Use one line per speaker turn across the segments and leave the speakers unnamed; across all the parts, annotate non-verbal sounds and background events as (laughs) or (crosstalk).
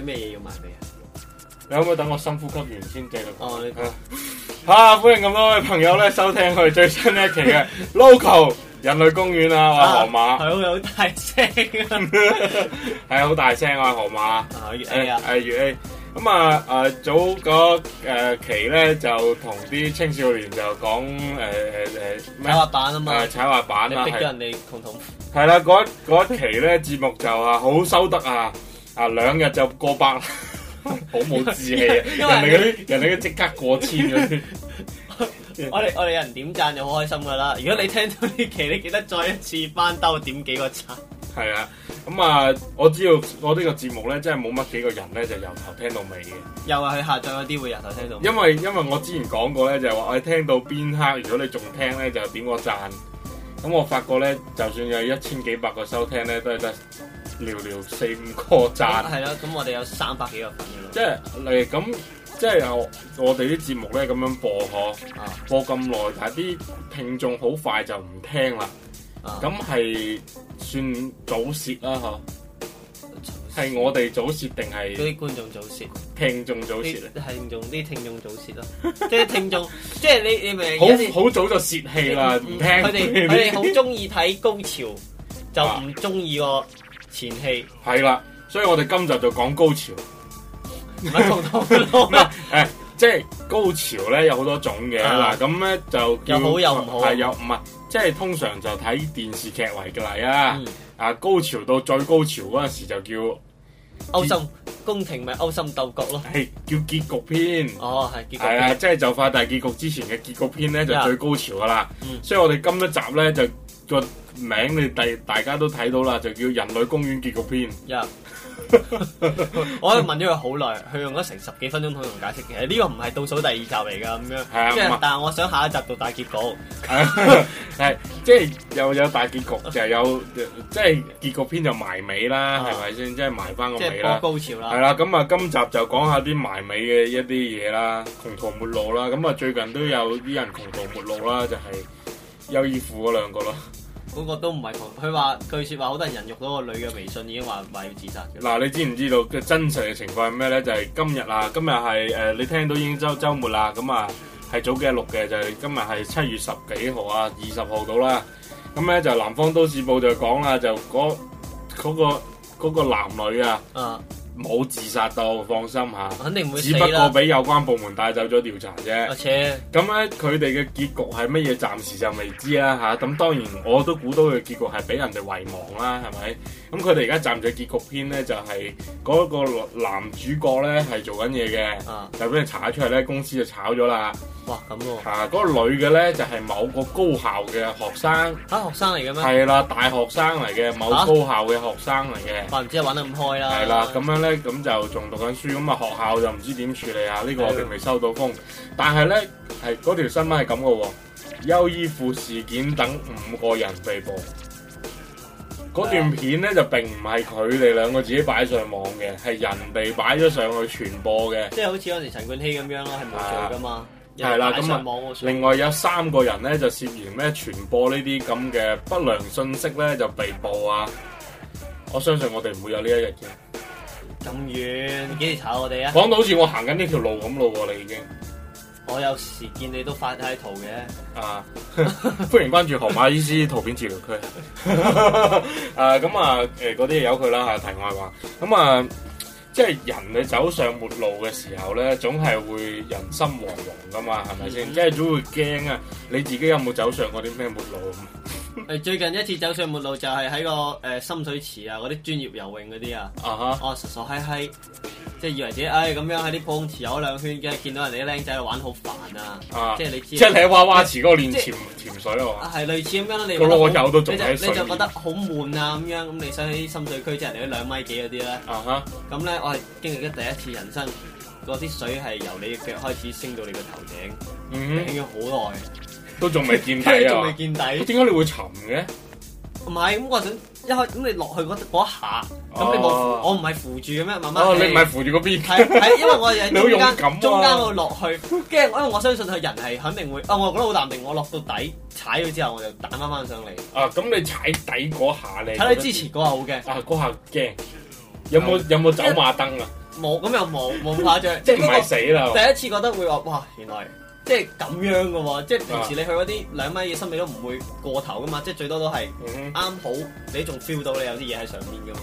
咩嘢要賣俾人？你可唔可以等我深呼吸完先繼續
講？好啊！歡迎咁多位朋友咧收聽佢哋最新一期嘅 Local 人類公園啊！我河馬係好，好大聲，係好大聲啊！河馬啊，粵 A，粵 A，咁啊，啊，早嗰誒期咧就同啲青少年就講誒誒誒，踩滑板啊嘛，踩滑板啊，逼咗人哋窮同，係啦，嗰一期咧節目就啊好收得啊！啊，兩日就過百啦， (laughs) 好冇志氣啊！為人哋嗰啲， (laughs) 人哋都即刻過千啲。
我哋我哋有人點讚就好開心噶啦！如果你聽到呢期，你記得再一次
翻兜點幾個讚。係啊，咁啊，我知道我呢個節目咧，真係冇乜幾個人咧就頭由,由頭聽到尾嘅。
又話去下載嗰啲會由頭聽到尾。因
為因為我之前講過咧，就係話我哋聽到邊刻，如果你仲聽咧，就點個讚。咁我發覺咧，就算有, 1, 就算有 1, 一千幾百個收聽咧，都係得。寥寥四五個讚，係啦，咁我哋有
三百幾個朋友。即
係嚟咁，即係由我哋啲節目咧咁樣播嗬，播咁耐，但係啲聽眾好快就唔聽啦。咁係算早泄啦嗬？係我哋早泄定係？嗰啲觀眾早泄，聽眾早泄咧？聽眾啲聽眾早泄啦，
即係聽眾，即係你你咪？好好
早就泄氣啦，唔聽。佢哋佢哋好
中意睇高
潮，就唔中意我。前戲係啦，所以我哋今集就講高
潮，唔係
同頭嘅咯。誒，即係高潮咧有好多種嘅，係啦，咁咧就又好又唔好，係又唔係，即係通常就睇電視劇為嘅例啊。啊，高潮到最高潮嗰陣時就叫勾心
宮廷咪勾心鬥角咯，係叫結局篇。哦，係結局，係啊，
即係就快大結局之前嘅結局篇咧就最高潮噶啦。所以我哋今一集咧就。個名你第大家都睇到啦，就叫《人類公園結局篇》。呀！
我問咗佢好耐，佢用咗成十幾分鐘同我解釋嘅。其實呢個唔係倒數第二集嚟噶，咁樣。係啊，但
係我想下一集到大結局，係即係又有大結局，就係有即係結局篇就埋尾啦，係咪先？即係埋翻個尾啦。即係高潮啦。係啦，咁啊，今集就講下啲埋尾嘅一啲嘢啦，窮途末路啦。咁啊，最近都有啲人窮途末路啦，就係優衣庫嗰兩個咯。嗰個都唔
係同佢話，據說話，好多人人肉嗰個女嘅微信，已經話話要自殺嘅。嗱，
你知唔知道嘅真實嘅情況係咩咧？就係今日啊，今日係誒，你聽到已經週週末啦，咁啊係早幾日錄嘅，就係今日係七月十幾號啊，二十號到啦。咁咧就南方都市報就講啦，就嗰個，嗰個男女啊。Uh huh. 冇自殺到，放心嚇，啊、肯定唔會死啦。只不過俾有關部門帶走咗調查啫。而且，咁咧佢哋嘅結局係乜嘢？暫時就未知啦吓，咁、啊嗯、當然我都估到佢結局係俾人哋遺忘啦，係咪？咁佢哋而家暫時嘅結局篇咧，就係、是、嗰個男主角咧係做緊嘢嘅，啊、就俾人查出嚟咧，公司就炒咗啦。哇，咁喎！啊，嗰、啊那個女嘅咧就係、是、某個高校嘅學生嚇、啊，學生嚟嘅咩？係啦，大學生嚟嘅，某高校嘅學生嚟嘅。唔知啊，知玩得咁開啦。係啦，咁樣咧，咁就仲讀緊書，咁啊學校就唔知點處理、這個、的啊。呢個我哋未收到風，但係咧係嗰條新聞係咁嘅喎，優衣庫事件等五個人被捕。嗰段片咧就並唔係佢哋兩個自己擺上網嘅，係人哋擺咗上去傳播嘅。
即係好似嗰陣時陳冠
希咁樣咯，係冇罪噶嘛。係啦，咁啊，另外有三個人咧就涉嫌咩傳播呢啲咁嘅不良信息咧就被捕啊！我相信我哋唔會有呢一日嘅。咁遠你幾時炒我哋啊？講到好似我行緊呢條路咁路喎、啊，你已經。我有時見你都發啲圖嘅、啊 (laughs) 啊啊，啊，歡迎關注河馬醫師圖片治療區。誒，咁啊，誒，嗰啲有佢啦吓，題外話。咁啊，即係人你走上末路嘅時候咧，總係會人心惶惶噶嘛，係咪先？嗯、即係總會驚啊，你自己有冇走上嗰啲咩末路？
最近一次走上末路就係喺個誒、呃、深水池啊，嗰啲專業游泳嗰啲啊，哦傻傻閪閪，即、huh. 係、就是、以為自己唉咁、哎、樣喺啲泳池游咗兩圈，驚見到人哋啲靚仔玩好煩啊，uh huh. 即係你知，即係喺娃娃池嗰個練潛潛水啊嘛，係是是、啊、類似咁樣，你個落都仲你，你就覺得好悶啊咁樣，咁你想喺深水區即係人哋兩米幾嗰啲咧，咁咧、uh huh. 我係經歷咗第一次人生，嗰啲水係由你嘅腳開始升到你個頭頂，已經咗好耐。Huh.
都仲未見底仲未見底，點解
你會沉嘅？唔係咁，我想一開咁你落去嗰下，咁你我我唔係扶住嘅咩？慢慢你唔係扶
住個邊？係係，因為我喺中間，中間嗰度
落去驚，因為我相信佢人係肯定會哦，我覺得好淡定，我落到底踩咗之後，我就彈翻翻上嚟。啊，咁你踩
底嗰下你，睇你之前嗰下好驚。啊，嗰下驚，有冇有冇走馬燈啊？冇，咁又冇冇咁誇張。即係唔係死啦！第
一次覺得會話哇，原來。即係咁樣嘅喎，即係平時你去嗰啲兩米嘅深水都唔會過頭嘅嘛，即係最多都係啱好，你仲 feel 到你有啲嘢喺上面嘅嘛。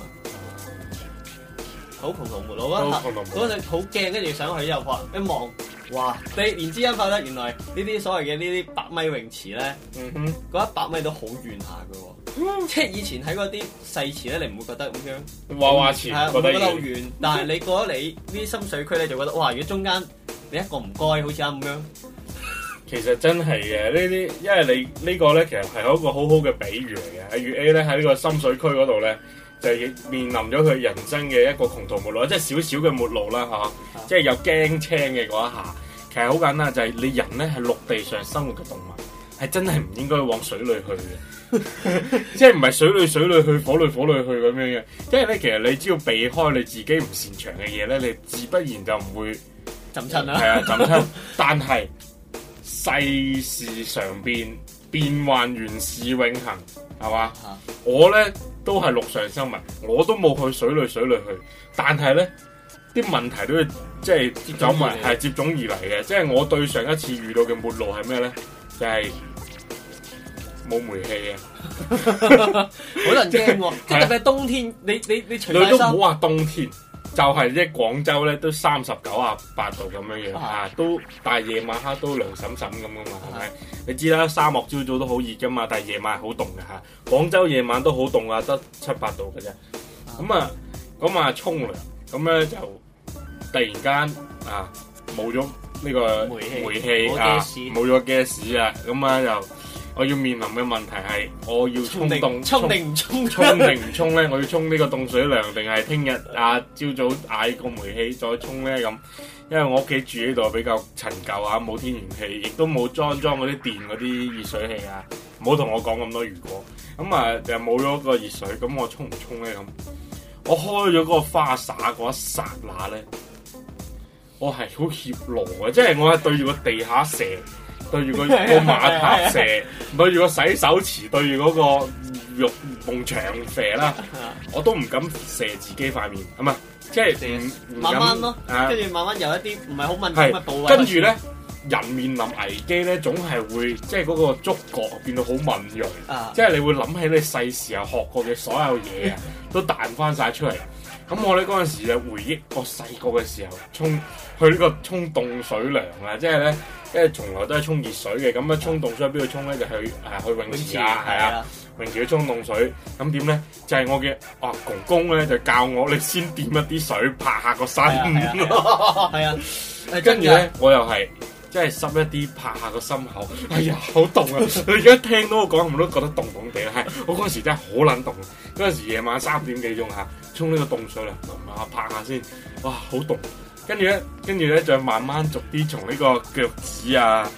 好窮途末路啊！嗰陣好驚，跟住上去又發一望，然哇！四年之間發啦，原來呢啲所謂嘅呢啲百米泳池咧，嗰一百米都好遠下嘅
喎，
即係 (laughs) 以前喺嗰啲細池咧，你唔會覺得咁樣，娃娃池得好遠，遠但係你過咗你呢啲深水區你就覺得哇！如果中間你一個唔該，好似啱咁樣。 (laughs)
其實真係嘅呢啲，因為你、這個、呢個咧，其實係一個好好嘅比喻嚟嘅。阿月 A 咧喺呢個深水區嗰度咧，就是、面臨咗佢人生嘅一個窮途末路，即係少少嘅末路啦嚇。即係有驚青嘅嗰一下，其實好簡單，就係、是、你人咧係陸地上生活嘅動物，係真係唔應該往水裏去嘅， (laughs) (laughs) 即係唔係水裏水裏去，火裏火裏去咁樣嘅。即係咧，其實你只要避開你自己唔擅長嘅嘢咧，你自不然就唔會。係啊，但係世事常變，變幻原始永恆，係嘛？我咧都係陸上生物，我都冇去水裏水裏去。但係咧啲問題都要即係接踵，係接踵而嚟嘅。即係我對上一次遇到嘅末路係咩咧？就係冇煤氣啊，
好
撚驚喎。特別冬天，你你你，女都唔好話冬天。就係即係廣州咧，都三十九啊八度咁樣樣啊，但都但係夜晚黑都涼浸浸咁噶嘛，係咪啊？吧你知啦，沙漠朝早都好熱噶嘛，但係夜晚好凍嘅嚇。廣州夜晚都好凍啊，得七八度嘅啫。咁啊，咁啊沖涼，咁咧，嗯、就突然間啊冇咗呢個煤氣，煤氣啊，冇咗了 gas 啊，咁啊又～我要面臨嘅問題係，我要沖凍沖定唔
沖？沖定唔
沖咧？我要沖呢個凍水涼定係聽日啊朝早嗌個煤氣再沖咧咁？因為我屋企住呢度比較陳舊啊，冇天然氣，亦都冇裝裝嗰啲電嗰啲熱水器啊。唔好同我講咁多如果咁啊，又冇咗個熱水，咁我沖唔沖咧咁？我開咗嗰個花灑嗰一刹那咧，我係好怯懦嘅，即係我係對住個地下成。對住個個馬塔射， (laughs) 對住個洗手池，對住嗰個浴浴長射啦， (laughs) 我都唔敢射自己塊面，係咪？即、就、係、是、慢慢咯，跟住，啊、
慢慢有一啲唔係好敏感。跟住咧，
人面臨危機咧，總係會即係嗰個觸覺變到好敏銳，即係 (laughs) 你會諗起你細時候學過嘅所有嘢啊， (laughs) 都彈翻晒出嚟。咁我咧嗰陣時就回憶，我細個嘅時候沖去呢個沖凍水涼啊，即係咧，因為從來都係沖熱水嘅，咁樣沖凍水喺邊度沖咧？就去誒、啊、去泳池啊，係遠啊，啊泳池去沖凍水，咁點咧？就係、是、我嘅啊公公咧就教我，你先掂一啲水，拍下個身，係啊，誒、啊啊啊啊啊啊、 (laughs) 跟住咧我又係。真係濕一啲，拍下個心口。哎呀，好凍啊！佢而家聽到我講，我都覺得凍凍地？係，我嗰時真係好撚凍。嗰陣時夜晚三點幾鐘吓，沖呢個凍水嚟，啊拍下先。哇，好凍！跟住咧，跟住咧，再慢慢逐啲從呢個腳趾啊、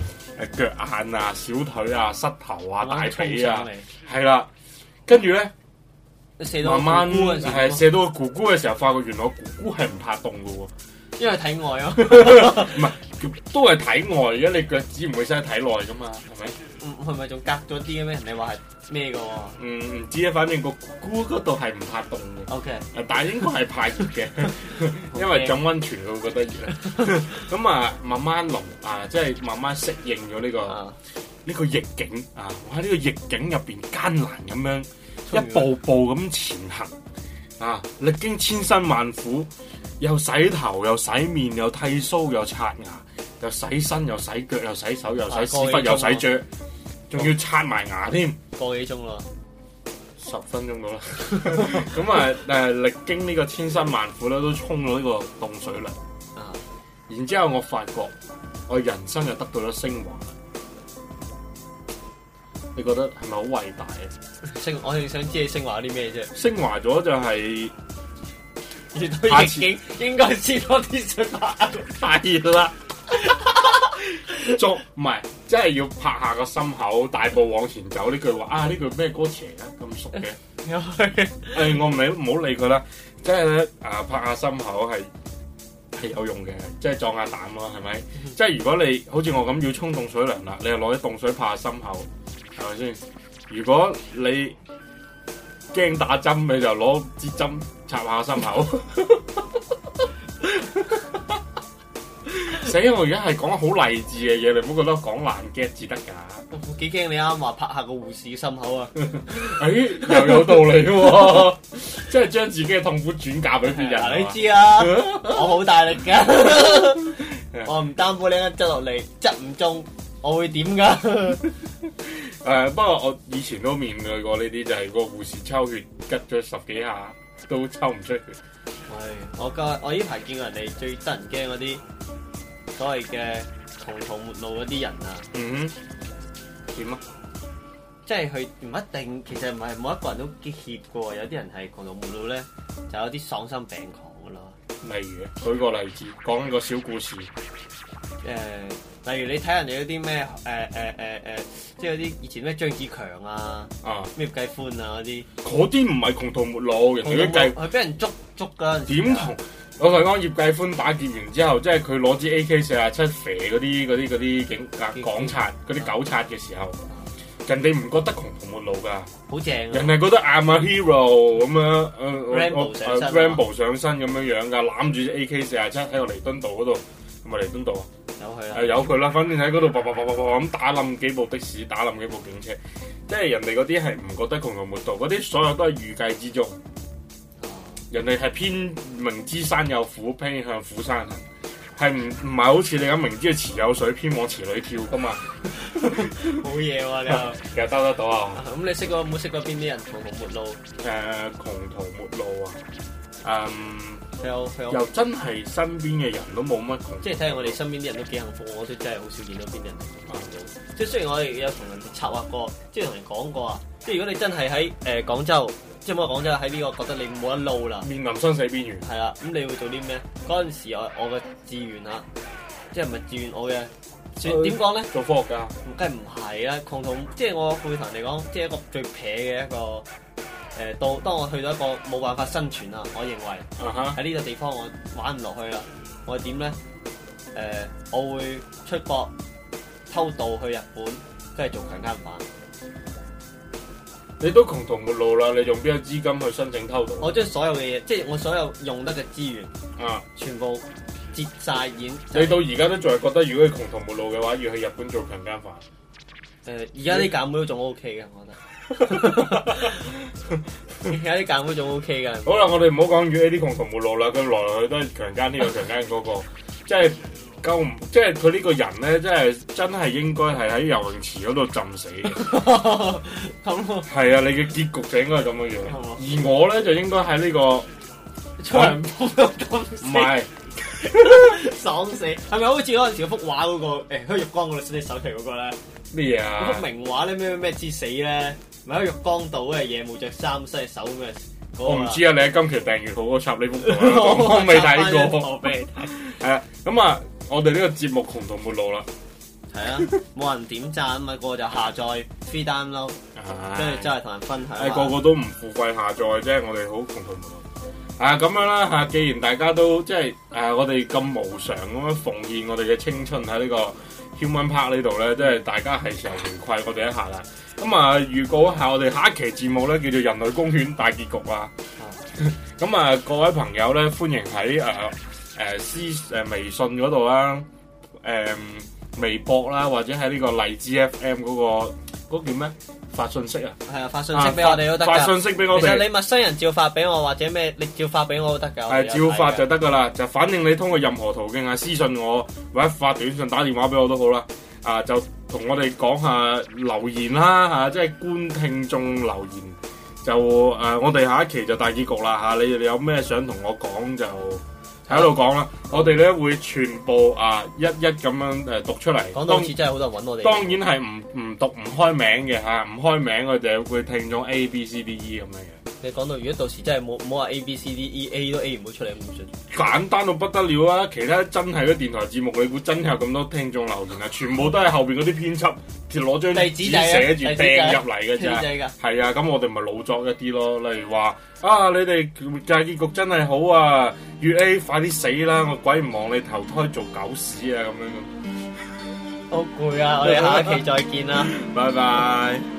腳眼啊、小腿啊、膝頭啊、大腿啊，係啦。跟住
咧，
慢慢係射到個姑姑嘅時候，發覺慢、啊、原來我姑姑係唔怕凍噶，
因為體外咯。唔
係。都係體外嘅，你腳趾唔會生喺體內噶嘛，係咪？嗯，係咪仲隔咗啲嘅咩？人哋話係咩嘅喎？唔知啊，嗯、知反正個菇嗰度係唔怕凍嘅。O K。但係應該係怕熱嘅， (laughs) 因為浸温泉我覺得熱。咁啊、 (laughs) 嗯，慢慢淋，啊，即係慢慢適應咗呢、這個呢、啊、個逆境啊！喺呢、這個逆境入邊艱難咁樣，一步步咁前行 (laughs) 啊！歷經千辛萬苦、啊，又洗頭又洗面又，又剃鬚又刷牙。又洗身，又洗腳，又洗手，又洗屎忽，又洗腳，仲要刷埋牙添。過幾鐘啦？十分鐘到啦。咁啊，誒，歷經呢個千辛萬苦咧，都沖咗呢個凍水涼。啊！然之後我發覺，我人生就得到咗昇華。你覺得係咪好偉大啊？
升，我哋想
知你昇華啲咩啫？昇華咗就係，熱到熱，應應該知多啲水把，太熱啦。捉唔係，即係 (laughs) 要拍下個心口，大步往前走呢句話啊？呢句咩歌詞嘅咁熟嘅？誒、 (laughs) 哎，我唔理，唔好理佢啦。即係咧啊，拍下心口係係有用嘅，即係撞下膽咯、啊，係咪？ (laughs) 即係如果你好似我咁要沖凍水涼啦，你又攞啲凍水拍下心口，係咪先？如果你驚打針，你就攞支針插下心口。 (laughs) 死！因為我而家係講得好勵志嘅嘢，你唔好覺得講
難 get 至得噶。我幾驚你啱話拍下個護士心口啊！誒、 (laughs) 欸，又有道理喎、啊，即係將自己嘅痛苦轉嫁俾別人、哎呀。你知啊， (laughs) 我好大力噶， (laughs) 的我唔擔保你一執落嚟執唔中，我會點噶？
誒、 (laughs) 呃，不過我以前都面對過呢啲，就係個護士抽血，拮咗十幾下都抽唔出血。係，我個我呢排
見過人哋最得人驚嗰啲。所謂嘅窮途末路嗰啲人啊，嗯哼，嗯，點啊？即係佢唔一定，其實唔係每一個人都激協嘅，有啲人係窮途末路咧，就有啲喪心病狂嘅咯。例如，
舉個例子，講個小故事。
誒、嗯，例如你睇人哋嗰啲咩誒誒誒誒，即係嗰啲以前咩張子強啊、啊咩繼歡啊嗰啲，
嗰啲唔係窮途末路嘅，佢俾人捉捉嗰陣。點同？我同阿葉繼歡打劫完之後，即係佢攞支 AK 四啊七射嗰啲啲啲警察，港察嗰啲狗察嘅時候，人哋唔覺得窮途末路噶，好正、啊，人哋覺得 I'm a hero 咁樣、呃、Rambo、呃、上身咁、uh, 樣樣噶，攬住隻 AK 四啊七喺個彌敦道嗰度，係咪彌敦道啊？有佢啊，有佢啦，反正喺嗰度，啪啪啪啪啪咁打冧幾部的士，打冧幾部警車，即係人哋嗰啲係唔覺得窮途末路，嗰啲所有都係預計之中。人哋係偏明知山有虎，偏向虎山行；係唔唔係好似你咁明知池有水，偏往池裏跳噶嘛？
冇嘢喎！你又
又兜得到啊？
咁你識過冇識過邊啲人窮途末
路？誒，窮途末路啊！嗯，又真係身邊嘅人都冇乜窮。即係睇下我哋身邊啲人都幾幸福，我都真係好少見到邊人。即
係、嗯、雖然我哋有同人策劃過，即係同人講過啊。即係如果你真係喺誒廣州。咁我講真，喺呢個覺得你冇得撈啦，面臨生死邊緣。係啦，咁你會做啲咩？嗰陣時我我嘅志願嚇，即係唔係志願我嘅？點講咧？呢做科學家？梗係唔係啦？窮途，即係我輩份嚟講，即係一個最撇嘅一個。誒、呃，到當我去到一個冇辦法生存啊！我認為喺呢、uh huh. 個地方我玩唔落去啦，我點咧？誒、呃，我會出國偷渡去日本，即係做強奸犯。你都窮途末路啦，
你用邊個資金去申請偷渡？我將所有嘅嘢，即係我所有用得嘅資源，啊，全部截晒。錢。你到而家都仲係覺得，如果佢窮途末路嘅話，要去日本做強
奸犯？誒、呃，而家啲揀妹都仲 OK 嘅，我覺得。
而家啲揀妹仲 OK 嘅。好啦，我哋唔好講如果呢啲窮途末路啦，佢來來去都係強奸呢個強奸嗰個，即係、 (laughs) 那個。就是夠即係佢呢個人咧，真係真係應該係喺游泳池嗰度浸死。咁係啊，你嘅結局應該就應該係咁嘅樣。而我咧就應該喺呢個長唔係，爽死，哈
哈爽死，係咪好似嗰陣時幅畫嗰、那個誒，喺、哎浴，那個啊、浴缸嗰度伸手提嗰個
咧？咩嘢、這個、啊？幅名
畫咧咩咩咩之死咧？咪喺浴缸度嘅夜幕，着衫伸隻手咁啊，我唔知
啊，你喺今期訂閱號嗰插呢幅畫，我未睇過。係、嗯、啊，咁啊。我哋呢個節目窮途末路啦，係啊，冇
人點贊咪 (laughs) 個個就下載 free (laughs) download，跟住真係同人分享、哎，個個都
唔付費下載，即係我哋好窮途末路。啊，咁樣啦嚇，既然大家都即係誒、啊，我哋咁無常咁樣奉獻我哋嘅青春喺呢個 Human Park 呢度咧，即係大家係時候回饋我哋一下啦。咁、嗯、啊預告一下，我哋下一期節目咧叫做《人類公園大結局》啊。咁 (laughs) 啊、嗯，各位朋友咧，歡迎喺誒。啊誒、呃、私誒、呃、微信嗰度啦，誒、呃、微博啦，或者喺呢個荔枝 FM 嗰、嗰個嗰叫咩發信息啊？係啊，發信息俾我哋都得噶。發信息俾我哋。其實你
陌生人照發俾我或者咩，你照發俾我都得噶。係照、啊、發就得
噶啦，就反正你通過任何途徑啊，私信我或者發短信、打電話俾我都好啦。啊，就同我哋講下留言啦嚇、啊，即係觀聽眾留言就誒、啊，我哋下一期就大結局啦嚇、啊，你哋有咩想同我講就？喺度講啦，嗯、我哋咧會全部啊一一咁樣誒讀出嚟。講多次真係好當多人揾我哋。當然係唔唔讀唔開名嘅嚇，唔、啊、開名我就會聽眾 A B C D E 咁樣。你講到如果到時真係冇冇話 A B C D E A 都 A 唔到出嚟咁算？簡單到不得了啊！其他真係啲電台節目你估真係有咁多聽眾留言啊？全部都係後邊嗰啲編輯就攞張紙，寫住掟入嚟嘅啫。係啊，咁我哋咪老作一啲咯。例如話啊，你哋嘅結局真係好啊！粵 A 快啲死啦！我鬼唔望你投胎做狗屎啊！咁樣咁。
好攰啊！我哋下一期
再見啦，拜拜。